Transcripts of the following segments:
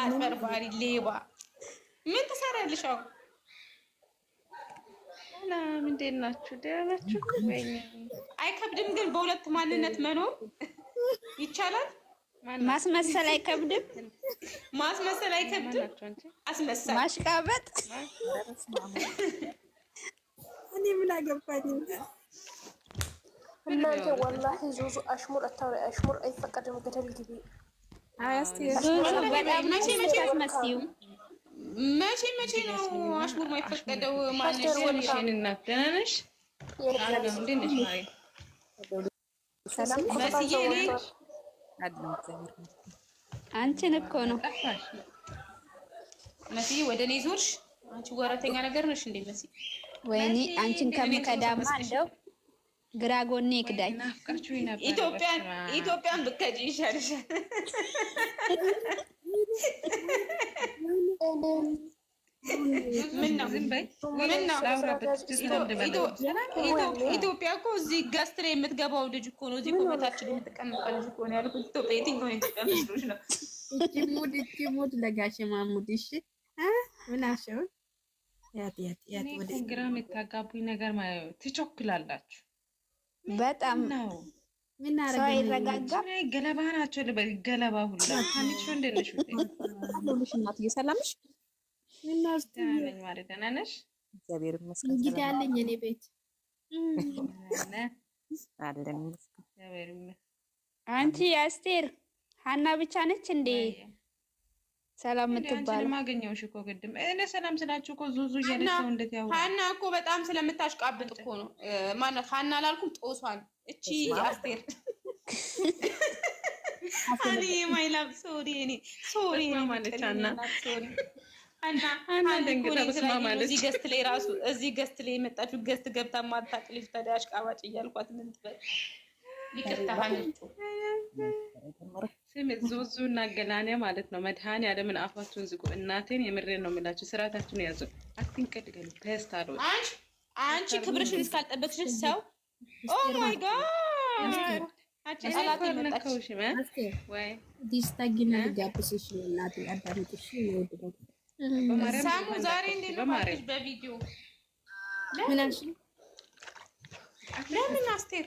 አጭበርባሪ ሌባ ምን ትሰራለሽ? አሁን ሰላም፣ እንዴት ናችሁ? ደህና ናችሁ? አይከብድም ግን በሁለት ማንነት መኖር ይቻላል። ማስመሰል አይከብድም። ማስመሰል አይከብድም። አስመሰል ማሽቃበጥ። እኔ ምን አገባኝ እናንተ። ወላሂ ዙዙ አሽሙር አታውሪ። አሽሙር አይፈቀድም። ገደል ግቢ መቼ መቼ ነው አሽሙር የማይፈቀደው? አንቺን እኮ ነው መስዬ ወደ እኔ ዞርሽ። አንቺ ወራተኛ ነገር ነሽ እንዴ መስዬ? ወይኔ አንቺን ከምከዳማ እንደው ግራ ጎኔ ክዳኝ ኢትዮጵያን ኢትዮጵያን ብከጂ ይሻልሻል። ኢትዮጵያ እኮ እዚህ ገስትሬ የምትገባው ልጅ እኮ ነው። እዚህ በታችን የምትቀመጠው ልጅ እኮ ነው ያልኩት። ኢትዮጵያ ኢትዮጵያ ነው? ሙድ እቺ ሙድ ለጋሽ ማሙድ እሺ ምናሸውን ያት ያት ያት ወደ ግራም የታጋቡኝ ነገር ትቾክላላችሁ። በጣም ነው። ገለባ ናቸው። ገለባ ሁላ እናትዬ ሰላም ነሽ? እግዚአብሔር ይመስገን። እንግዲህ አለኝ እኔ ቤት አለኝ። አንቺ አስቴር ሀና ብቻ ነች እንዴ? ሰላም የምትባለው ማገኘውሽ እኮ ግድም እኔ ሰላም ስላችሁ እኮ ዙዙ እያለች እንዴት ያው ሀና እኮ በጣም ስለምታሽቃብጥ እኮ ነው። ማናት ሀና አላልኩም? ጦሷን እቺ አስቴር አኔ ማይ ላቭ ሶሪ እኔ ሶሪ ማለች ሀና እዚህ ገስት ላይ ራሱ እዚህ ገስት ላይ የመጣችሁ ገስት ገብታ ማታቅ ልጅ ታዲያ አሽቃባጭ እያልኳት ምን ትበል ይቅርታ ስም ዙዙ እና ገላኔ ማለት ነው። መድኃኒዓለምን አፋችሁን ዝጉ። እናቴን የምሬን ነው የምላችሁ። ስርዓታችሁን ያዙ። አትንቀድገሉ ፔስት አንቺ ክብርሽን እስካልጠበቅሽ ሰው ኦ ማይ ዛሬ እንዴት በቪዲዮ ለምን አስቴር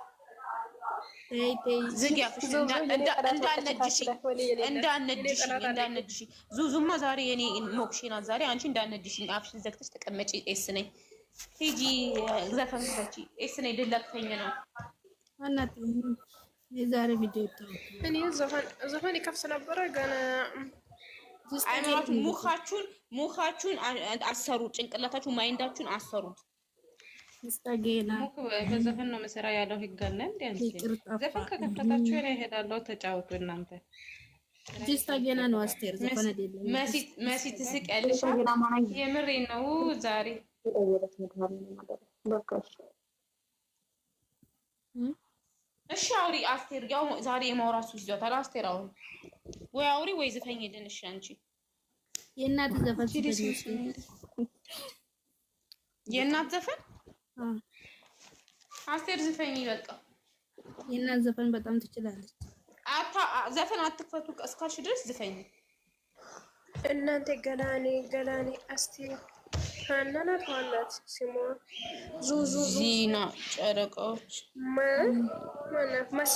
እንዳነድሽኝ ዙዙማ ዛሬ የኔ ሞክሽናት ዛሬ አንቺ እንዳነድሽኝ አፍሽን ዘግተሽ ተቀመጪ። ኤስ ነኝ ሂጂ ዘፈን ክፈቺ። ኤስ ነኝ ድላክተኝ ነው ቪዲዮ እኔ ዘፈን ነበረ ገና ሙካችሁን ሙካችሁን አሰሩ። ጭንቅላታችሁ ማይንዳችሁን አሰሩት። በዘፈን ነው መሰራ ያለው ህግ አለ። ዘፈን ከከፈታችሁ እሄዳለሁ፣ ተጫወቱ እናንተ። ነው አስቴር መሲ የምሬ ነው ዛሬ እሺ አውሪ አስቴር። ያው ዛሬ ይዟታል አስቴር። አሁን ወይ አውሪ ወይ ዝፈኝ ሄድን። እሺ አንቺ የእናት ዘፈን የእናት ዘፈን አስቴር ዝፈኝ ይበቃ። የእናት ዘፈን በጣም ትችላለች። ዘፈን አትክፈቱ እስካልሽ ድረስ ዝፈኝ። እናንተ ገላኔ ገላኔ አስቴር ከናናት ዋናት ስሟ ዙዙ ዚና ጨረቃዎች ማናት መሲ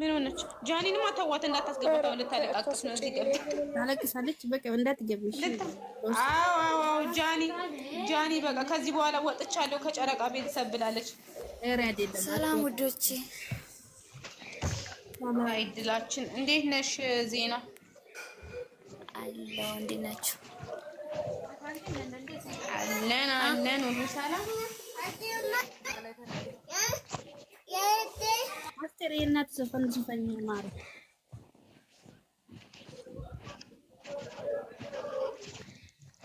ምን ሆነች? ጃኒንም አታዋት እንዳታስገባት። ልታለቃቅስ ነው። እዚህ ገብታ ታለቅሳለች። በቃ እንዳትገቢ። አዎ አዎ፣ ጃኒ ጃኒ፣ በቃ ከዚህ በኋላ ወጥቻለሁ ከጨረቃ ቤተሰብ ብላለች። ኧረ ሰላም ውዶቼ፣ አይድላችን። እንዴት ነሽ ዜና? አለሁ። እንዴት ናችሁ? አለን አለን፣ ሁሉ ሰላም አስቴር የእናት ዘፈን ዘፈኝ ማሩ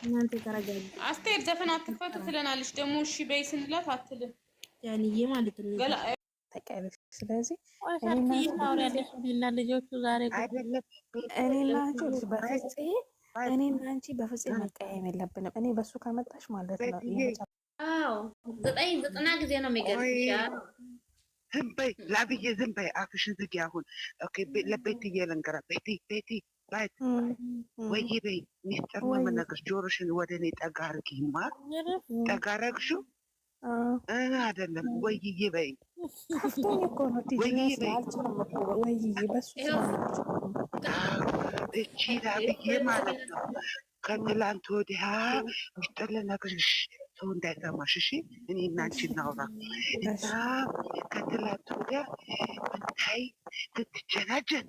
እናንተ ተረጋጉ። አስቴር ዘፈን አትፈቱ ትለናለች። ደግሞ እሺ በይ ስንላት አትልም። ያንዬ ማለት ነው ተቀበል። የለብንም። እኔ በሱ ከመጣሽ ማለት ዘጠኝ ዘጠና ጊዜ ነው የሚገርምሽ ዝም በይ ላብዬ፣ ዝም በይ አፍሽን ዝጊ። አሁን ለቤትዬ ልንገራ። ቤቲ ቤቲ ባይት ወይ በይ፣ ሚስጥር ነው የምነግርሽ። ጆሮሽን ወደ እኔ ጠጋ አርጊማ። ጠጋ አረግሽው አይደለም ወይዬ በይ፣ እቺ ላብዬ ማለት ነው። ከትላንት ወዲያ ሚስጥር ልነግርሽ ሰው እንዳይሰማሽ እሺ። እኔ እና አንቺ እናውራ እና ከትላንት ወዲያ ብታይ ስትጀናጀን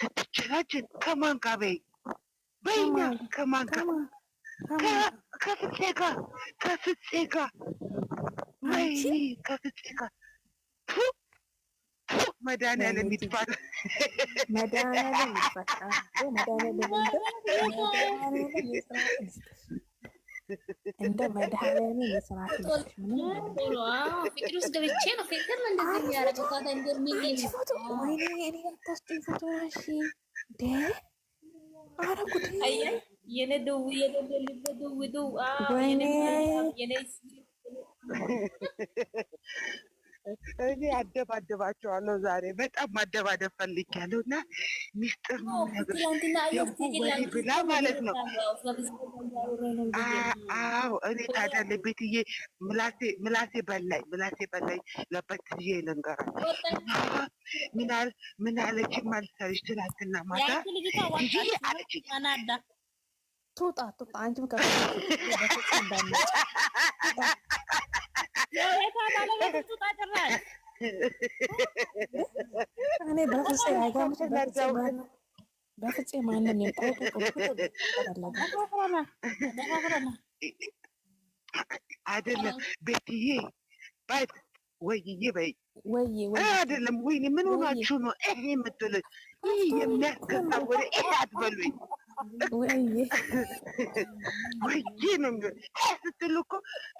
ስትጀናጀን ከማን ጋር በይ በይኛ ከማን ጋር ከፍፄ ጋር ከፍፄ ጋር ወይ ከፍፄ ጋር መድኃኒዓለም ይጥፋል። መድኃኒዓለም ይጥፋል። መድኃኒዓለም ይጥፋል። እንደ መድኃኒዓለም የስራት እኔ አደባደባቸዋለሁ ዛሬ በጣም ማደባደብ ፈልጊያለሁ እና ሚስጥር ብላ ማለት ነው። አዎ እኔ ታዲያ ለቤትዬ ምላሴ በላይ ምላሴ በላይ ለበት ለበትዬ ልንገራቸው ምን አለች ማልሰሪች ትላንትና ማታ አለች ቱጣ ቱጣ አንቺም ከ በፍፄ ማንም አይደለም። ቤትዬ ባይት ወይዬ በይ አይደለም። ወይኔ ምን ሆናችሁ ነው ይሄ የምትሉኝ? ይህ የሚያስከታ ወደ ይሄ አትበሉኝ። ወይዬ ነው የሚሆን እኮ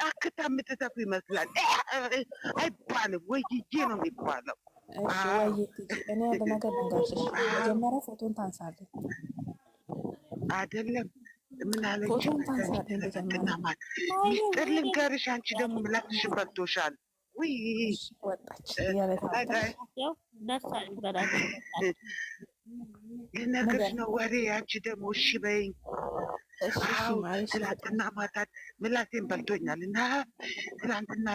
አክታ የምትተፉ ይመስላል አይባልም። ወይዬ ነው የሚባለው። እኔ አንድ ነገር ልንገርሽ፣ መጀመሪያ ፎቶን ታንሳለች አይደለም ምን ሚስጥር ልንገርሽ። አንቺ ደግሞ ምላስሽ በልቶሻል። ወጣች ልነግርሽ ነው ወሬ። አንቺ ደግሞ እሺ በይኝ። አዎ ትላንትና ማታ ምላሴን በልቶኛል እና ትላንትና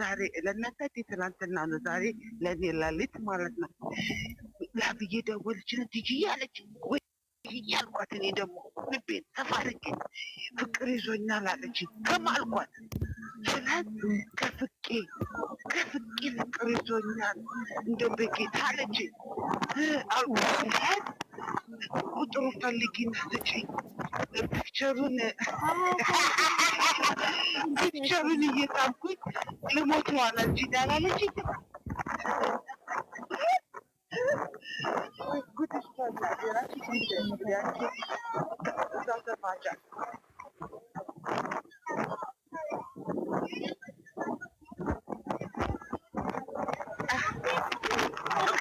ዛሬ ለእናንተ ትላንትና ነው ዛሬ ለእኔ ላሌት ማለት ነው። ላብዬ ደወለችና ቲጂ እያለች ወይ እያልኳት እኔ ደግሞ ልቤን ተፋርጌ ፍቅር ይዞኛል አለች ከማልኳት ስላት ከፍቄ ከፍቄ ፍቅር ይዞኛል እንደ በጌታ አለች። አውስላት ቁጥሩ ፈልጊና ስጪኝ። ፒክቸሩን ፒክቸሩን እየጣምኩኝ ልሞት ዋላች ዳላለች። ጉድስታ ራሱ ራሱ ራሱ ራሱ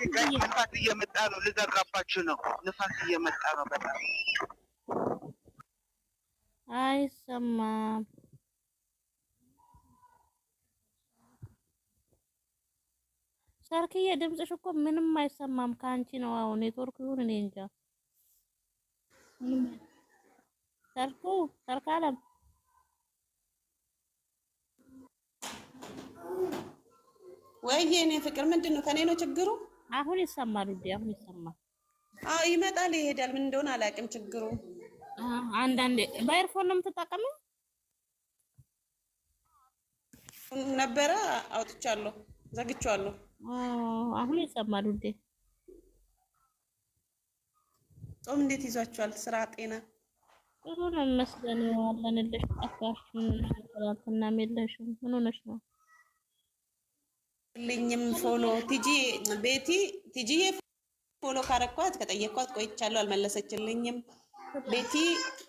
ንፋስ እየመጣ ነው። ልዘራባችሁ ነው። ንፋስ እየመጣ ነው። በጣም አይሰማም። ሰርክዬ ድምፅሽ እኮ ምንም አይሰማም። ከአንቺ ነው አሁን ኔትወርክ ይሁን እኔ እንጃ። ሰርኩ ሰርካለም ወይዬ፣ እኔ ፍቅር ምንድን ነው ከኔ ነው ችግሩ? አሁን ይሰማል ውዴ፣ አሁን ይሰማል። አዎ ይመጣል ይሄዳል። ምን እንደሆነ አላውቅም ችግሩ። አንዳንዴ በኤርፎን ነው የምትጠቀመው ነበረ? አውጥቻለሁ፣ ዘግቼዋለሁ። አሁን ይሰማል ውዴ። ጾም እንዴት ይዟችኋል? ስራ፣ ጤና ጥሩ ነው ይመስገን። ያለንልሽ ጠፋሽ። ትናንትናም የለሽም። ምን ሆነሽ ነው? ልኝም ፎሎ ቲጂ ቤቲ ቲጂዬ ፎሎ ካረኳት ከጠየኳት ቆይቻለሁ፣ አልመለሰችልኝም። ቤቲ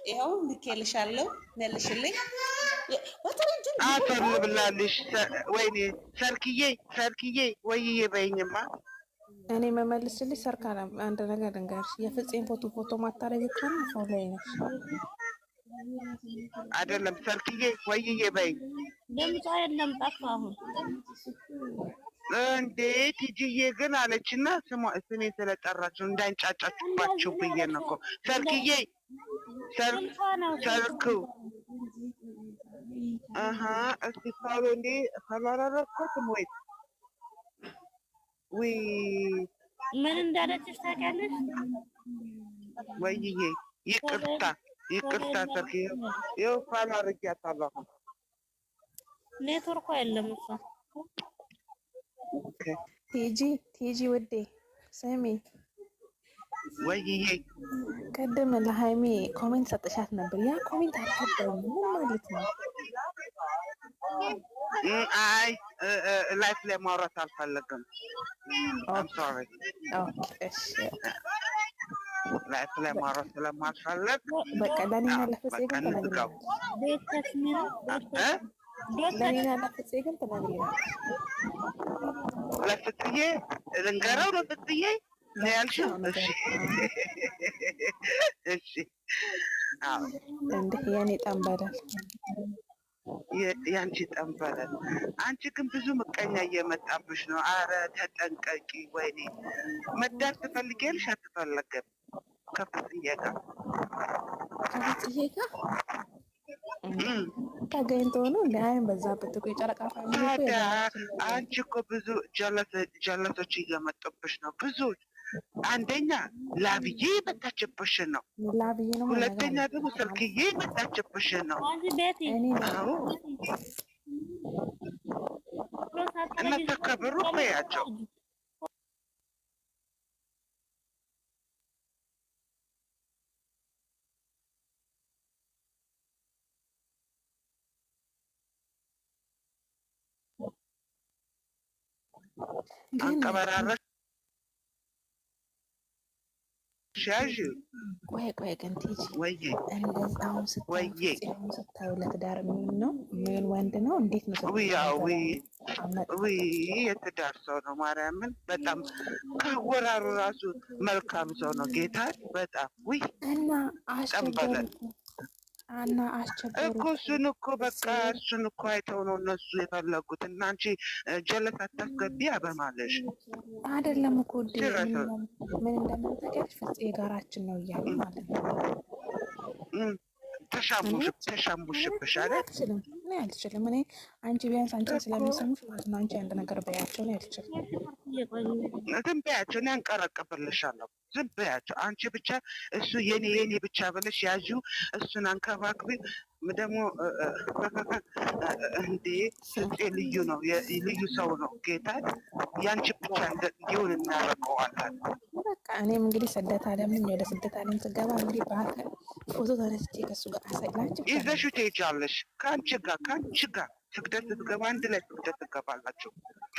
ይኸው ልኬልሻለሁ፣ መልሽልኝ። አቶ ብላልሽ ወይኔ ሰርክዬ ሰርክዬ ወይዬ በይኝማ እኔ መመልስልሽ ሰርካላ አንድ ነገር ልንገርሽ፣ የፍፄን ፎቶ ፎቶ ማታረግ ከሆነ ፎሎ ይነሽ አይደለም ሰርክዬ ወይዬ በይኝ። ድምጿ የለም ጠፋ። አሁን እንዴ ቲጂዬ ግን አለችና ስሜ ስለጠራችሁ እንዳንጫጫችሁባችሁ ብዬ ነው እኮ ሰርክዬ ሰርክ አሀ እስቲ ሳሎ እንዴ ካላረረኩትም ወይ ዊ ምን እንዳለችሽ ታውቂያለሽ? ወይዬ ይቅርታ ይቅርታ ሰርክ ይኸው ፋል አድርጊያታለሁ። አሁን ኔትወርኩ የለም። እሷ ቲጂ ቲጂ ውዴ ስሚ ወይዬ ቅድም ለሀይሚ ኮሜንት ሰጥሻት ነበር። ያ ኮሜንት አልገባኝም። ምን ማለት ነው? አይ ላይፍ ላይ ማውራት አልፈለግም። ኦኬ እሺ ስለማውራት ስለማልፈለግ በቃ ለኔና ለፍፄ ግን ለፍፄ ልንገረው ነው ፍፄ ያልሽው የኔ ጠንበላል የአንቺ አንቺ ግን ብዙ ምቀኛ እየመጣብሽ ነው። አረ ተጠንቀቂ። ወይኔ መዳር ትፈልጊያለሽ አትፈለገም ከብት ጥየቃ ጥየቃ ተገኝቶ ነው በዛ የጨረቃ አንቺ እኮ ብዙ ጀለቶች እየመጡብሽ ነው። ብዙ አንደኛ ላብዬ የመጣችብሽ ነው። ሁለተኛ ደግሞ ስልክዬ የመጣችብሽ ነው። እነተከብሩ ያቸው አንቀበራረሽ ሻዥ ቆይ ቆይ ግን ቲጂ እንደዛሁን ስታዩ ለትዳር የሚሆን ነው የሚሆን ወንድ ነው። እንዴት ነው የትዳር ሰው ነው? ማርያምን በጣም ከአወራሩ ራሱ መልካም ሰው ነው። ጌታ በጣም ውይ እና አሸገር አና አስቸጋሪ እኮ እሱን እኮ በቃ እሱን እኮ አይተው ነው እነሱ የፈለጉት። እና አንቺ ጀለት አታስገቢ አበማለሽ አይደለም እኮ ድ ምን እንደምንጠቀሽ ፍጽ የጋራችን ነው እያሉ ማለት ነው። ተሻሙሽብሽ አለ አልችልም፣ እኔ አልችልም። እኔ አንቺ ቢያንስ አንቺ ስለሚሰሙሽ ማለት ነው። አንቺ አንድ ነገር በያቸው፣ እኔ አልችልም። ግን በያቸው፣ እኔ አንቀረቅብልሻለሁ ዝም በያቸው። አንቺ ብቻ እሱ የኔ የኔ ብቻ ብለሽ ያዥ፣ እሱን አንከባክቢ። ደግሞ እንዴ ስልጤ ልዩ ነው፣ ልዩ ሰው ነው። ጌታ ያንቺ ብቻ እንዲሆን እናደርገዋለን። በቃ እኔም እንግዲህ ስደት አለም ወደ ስደት አለም ስገባ እንግዲህ በአካል ፎቶ ተነስቼ ከሱ ጋር አሳይላችሁ ይዘሹ ትሄጃለሽ። ከአንቺ ጋር ከአንቺ ጋር ስግደት ስትገባ አንድ ላይ ስግደት ትገባላችሁ።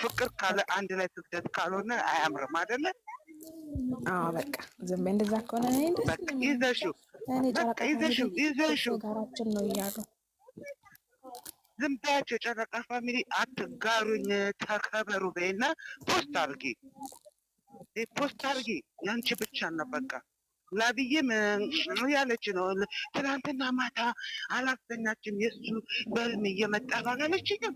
ፍቅር ካለ አንድ ላይ ስግደት ካልሆነ አያምርም አይደለ? አዎ በቃ ዝም እንደዛ ከሆነ ጋራችን ነው እያሉ ዝም ጨረቃ ፋሚሊ አትጋሩኝ፣ ተከበሩ በይና ፖስት ፖስት ያንቺ ብቻ ነው በቃ ላብዬም ነው ትናንትና ማታ የእሱ በህልም እየመጣ ባላለችኝም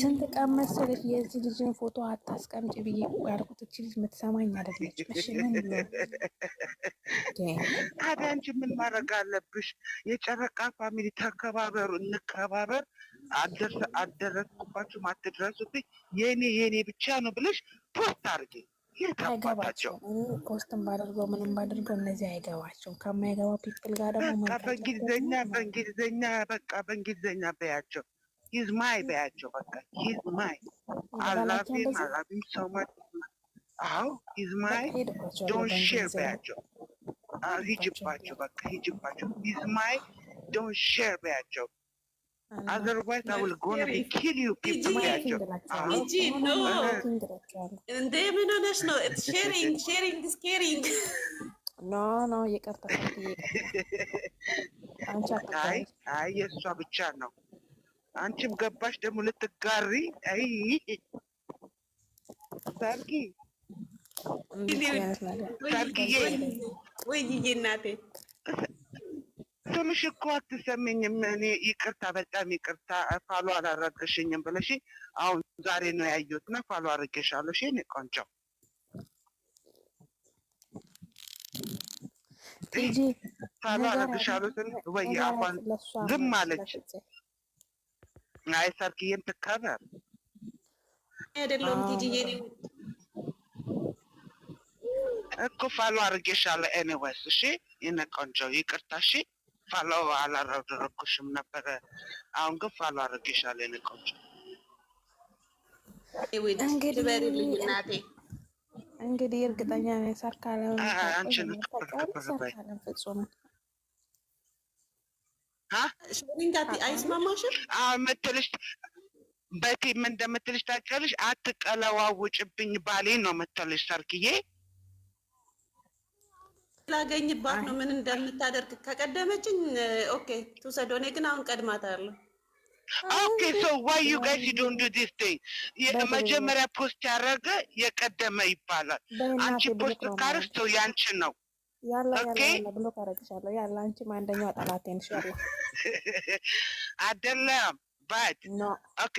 ስንት ቀን መሰለሽ የዚህ ልጅን ፎቶ አታስቀምጭ ብዬ ያልኩት እች ልጅ የምትሰማኝ አይደለች። ታዲያ አንቺ ምን ማድረግ አለብሽ? የጨረቃ ፋሚሊ ተከባበሩ፣ እንከባበር። አደረስኩባችሁም አትድረሱብኝ፣ የኔ የኔ ብቻ ነው ብለሽ ፖስት አድርጌ አይገባቸውም። ፖስትም ባደርገው ምንም ባደርገው እነዚህ አይገባቸውም። ከማይገባ ፒፕል ጋር ደግሞ በእንግሊዝኛ በእንግሊዝኛ በቃ በእንግሊዝኛ በያቸው ሂዝ ማይ በያቸው በቃ ሂዝ ማይ አላፊም አላፊም ሰውማት አዎ ሂዝ ማይ ዶን ሼር በያቸው ሂጅባቸው በቃ ሂጅባቸው ሂዝ ማይ ዶን ሼር በያቸው otherwise I will go and kill ኖ እንደ ምን ሆነሽ ነው? ሼሪንግ ሼሪንግ ስኬሪንግ ኖ ኖ ይቅርታ። አይ አይ የእሷ ብቻ ነው። አንቺም ገባሽ ደግሞ ልትጋሪ። አይ ሳርኪ ሳርኪዬ፣ ወይዬ እናቴ ስምሽ እኮ አትሰሚኝም። እኔ ይቅርታ፣ በጣም ይቅርታ ፋሎ አላረገሽኝም ብለሽ አሁን ዛሬ ነው ያየሁት እና ፋሎ አድርጌሻለሁ። እሺ እኔ ቆንጆ ፋሎ አደረግሻሉትን ወይ አፏን ዝም አለች። አይ ሰርክዬም ትከበር አይደለሁም ቲጂዬ እኮ ፋሎ አድርጌሻለሁ። ኤኒዌይስ እሺ የእኔ ቆንጆ ይቅርታ እሺ። ፋሎ አላረደረኩሽም ነበረ። አሁን ግን ፋሎ አድርጌሻለሁ። የእኔ እንግዲህ እርግጠኛ ነኝ ሰርካለም በቲ ምን እንደምትልሽ ታውቂያለሽ። አትቀለዋውጭብኝ ባሌ ነው ምትልሽ ሰርክዬ ስላገኝባት ነው ምን እንደምታደርግ ከቀደመችኝ ኦኬ ትውሰድ። እኔ ግን አሁን ቀድማታለሁ። ኦኬ ሶ ዋይ ዩ ጋይስ ዩ ዶንት ዱ ዲስ ቲንግ። የመጀመሪያ ፖስት ያደረገ የቀደመ ይባላል። አንቺ ፖስት ካርስ ሰው ያንቺ ነው። ያላ አይደለም ባት ኦኬ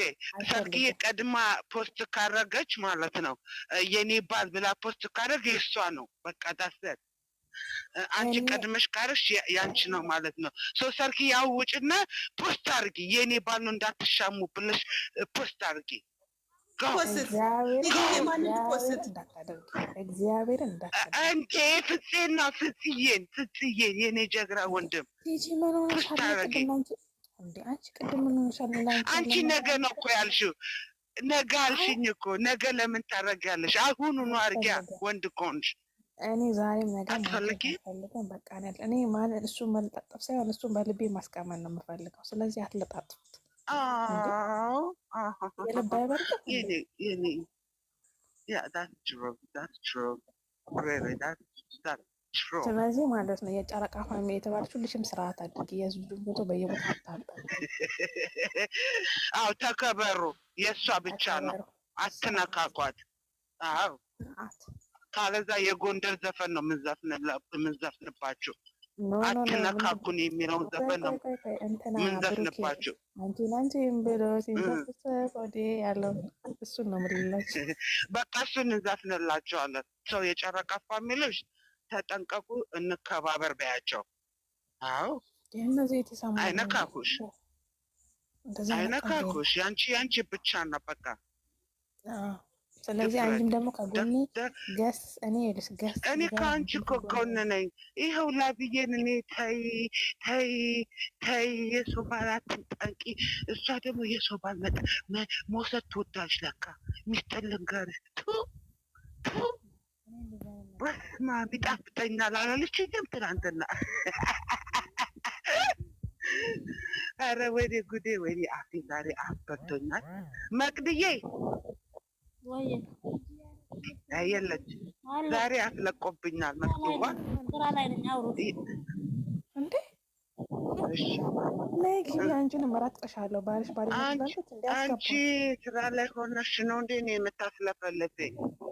ሰርግዬ ቀድማ ፖስት ካረገች ማለት ነው የኔ ባል ብላ ፖስት ካረግ የእሷ ነው በቃ ዳሰት አንቺ ቀድመሽ ካርሽ ያንቺ ነው ማለት ነው። ሰው ሰርኪ ያውጭና ፖስት አርጊ፣ የእኔ ባል ነው እንዳትሻሙ ብለሽ ፖስት አርጊ። እንዴ ፍፄና ፍጽዬን ፍጽዬን የእኔ ጀግራ ወንድም ፖስት አድርጊ። አንቺ ነገ ነው እኮ ያልሽው ነገ አልሽኝ እኮ ነገ ለምን ታደርጊያለሽ? አሁኑኑ አርጊያ ወንድ ከሆንሽ እኔ ዛሬም ነገ አልፈልግም። በቃ እኔ ማለት እሱ መልጣጠፍ ሳይሆን እሱን በልቤ ማስቀመጥ ነው የምፈልገው። ስለዚህ አትለጣጥፉት። ስለዚህ ማለት ነው የጨረቃ ፋሚ የተባለች ልሽም ስርዓት አድርጊ። የህዝብ ፎቶ በየቦታ አታልበል። አዎ ተከበሩ። የእሷ ብቻ ነው። አትነካኳት። አዎ ካለዛ የጎንደር ዘፈን ነው የምንዘፍንባችሁ። አትነካኩን የሚለውን ዘፈን ነው የምንዘፍንባችሁ። በቃ እሱን እንዘፍንላቸዋለን። ሰው የጨረቃ ፋሚሊዎች ተጠንቀቁ፣ እንከባበር በያቸው። አዎ አይነካኩሽ፣ አይነካኩሽ። ያንቺ ያንቺ ብቻ ነው በቃ ስለዚህ አንቺም ደግሞ ከጎኔ ገስ እኔ ልስ ገስ እኔ ከአንቺ እኮ ጎን ነኝ። ይኸው ላብዬን እኔ ተይ ተይ ተይ የሰው ባል አትንጠቂ። እሷ ደግሞ የሰው ባል መውሰድ ትወዳለች። ለካ ሚስጥር ልንገርሽ፣ ቱ ቱ በስመ አብ ይጣፍጠኛል አላለችኝም ትናንትና? ኧረ ወይኔ ጉዴ፣ ወይኔ አፌ ዛሬ አበርቶኛል። መቅድዬ የለች ዛሬ አስለቆብኛል። መስዋ እንዴ ነይ አንቺንም አንቺ ስራ ላይ ሆነሽ ነው እንዴ እኔ የምታስለፈልብኝ?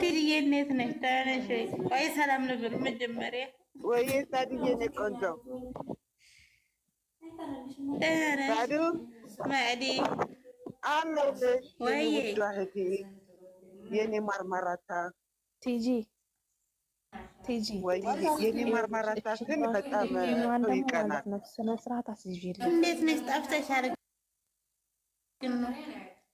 ትልዬ እንዴት ነሽ? ደህና ነሽ ወይ? ቆይ ሰላም ንብል መጀመሪያ። ወይ ሳድዬ ነሽ ቆንጆ ባዶ ማዕዲ አለሁልሽ። ወይ እህቴ የኔ ማርማራታ ቲጂ ቲጂ ወይ የኔ ማርማራታ ግን በጣም ይቀናል። ስነ ስርዓት አስይዤ እንዴት ነሽ? ጠፍተሻል ግን ነው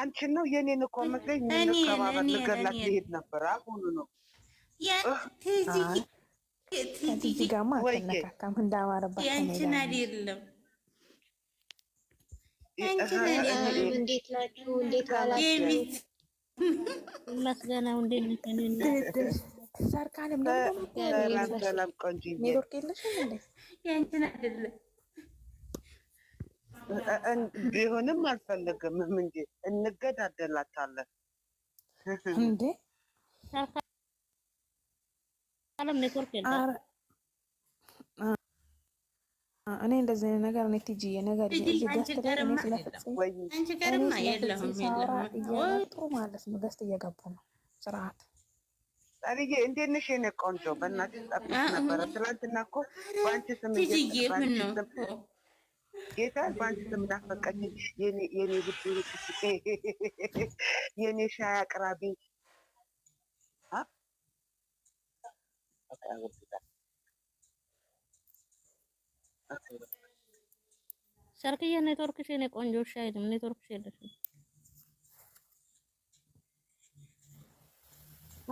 አንቺን ነው የኔን እኮ መስለኝ የምንከባበር ልገላት ሊሄድ ነበር። አሁኑ ነው ቲጂ ጋማ አትነካካም እንዳማረባት ያንቺን አይደለም እንዴት ናችሁ? እንዴት ኔትወርክ የለሽም እንዴ? ያንቺን አይደለም ቢሆንም አልፈለግም እንጂ እንገዳደላታለን እንዴ እኔ እንደዚህ አይነት ነገር እኔ ቲጂ ነገር እያጡ ማለት ነው። ደስ እየገቡ ነው። ስርዓት ጣሪዬ፣ እንዴት ነሽ የኔ ቆንጆ? በእናትሽ ጠፍቼ ነበረ። ትላንትና እኮ በአንቺ ስም ጌታ በአንቺ ስለምናፈቀኝ የኔ ልብ የኔ ሻይ አቅራቢ ሰርክዬ ኔትወርክሽ የኔ ቆንጆሽ አይልም። ኔትወርክሽ የለሽም።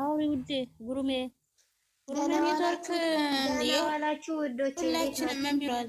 አውሪ ውዴ ጉሩሜ ጉሩሜ ኔትወርክ ሁላችንም ምን ብሏል?